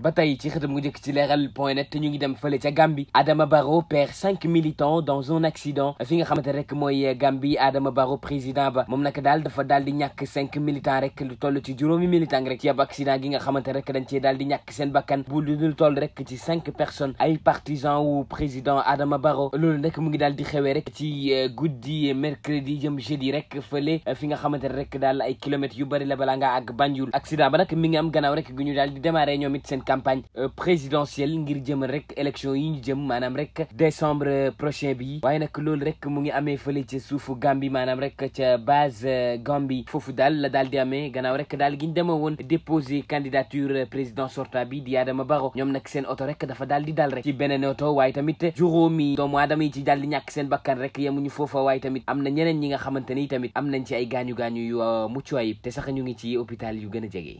ba tey ci xëtam gu njëkk ci leeral point net ñu ngi dem fële ca Gambie Adama Barrow perd cinq militants dans un accident fi nga xamante rek mooy Gambie Adama Barrow président ba moom nag daal dafa daal di ñàkk cinq militants rek lu toll ci juróomi militants rek ci ab nga xamante rek dañ cee daal di ñàkk seen bakkan bu lu toll rek ci cinq personnes ay partisans wu président Adama Barrow loolu nag mu ngi daal di xewee rek ci euh, guddi mercredi jëm jeudi rek fële euh, fi nga xamante rek daal ay kilomètres yu bëri la balaa ngaa ak Banjul accident ba nag mi ngi am gannaaw rek gu ñu daal di démarrer ñoom seen campagne euh, présidentielle ngir jëmal rek élection yi ñu jëm maanaam rek décembre prochain bi waaye nag loolu rek mu ngi amee fële ca suufu Gambie maanaam rek ca base euh, Gambie foofu daal la daal di amee gannaaw rek daal gi ñu demee woon déposer candidature président sortant bi di Adama Barrow ñoom nag seen oto rek dafa daal di dal rek ci beneen oto waaye tamit juróomi doomu aadama yi ci daal di ñàkk seen bakkan rek yemuñu foofa waaye tamit am na ñeneen ñi nga xamante ni tamit nañ ci ay gaañu yu euh, mucc ayib te sax ñu ngi ci hôpital yu gën a jege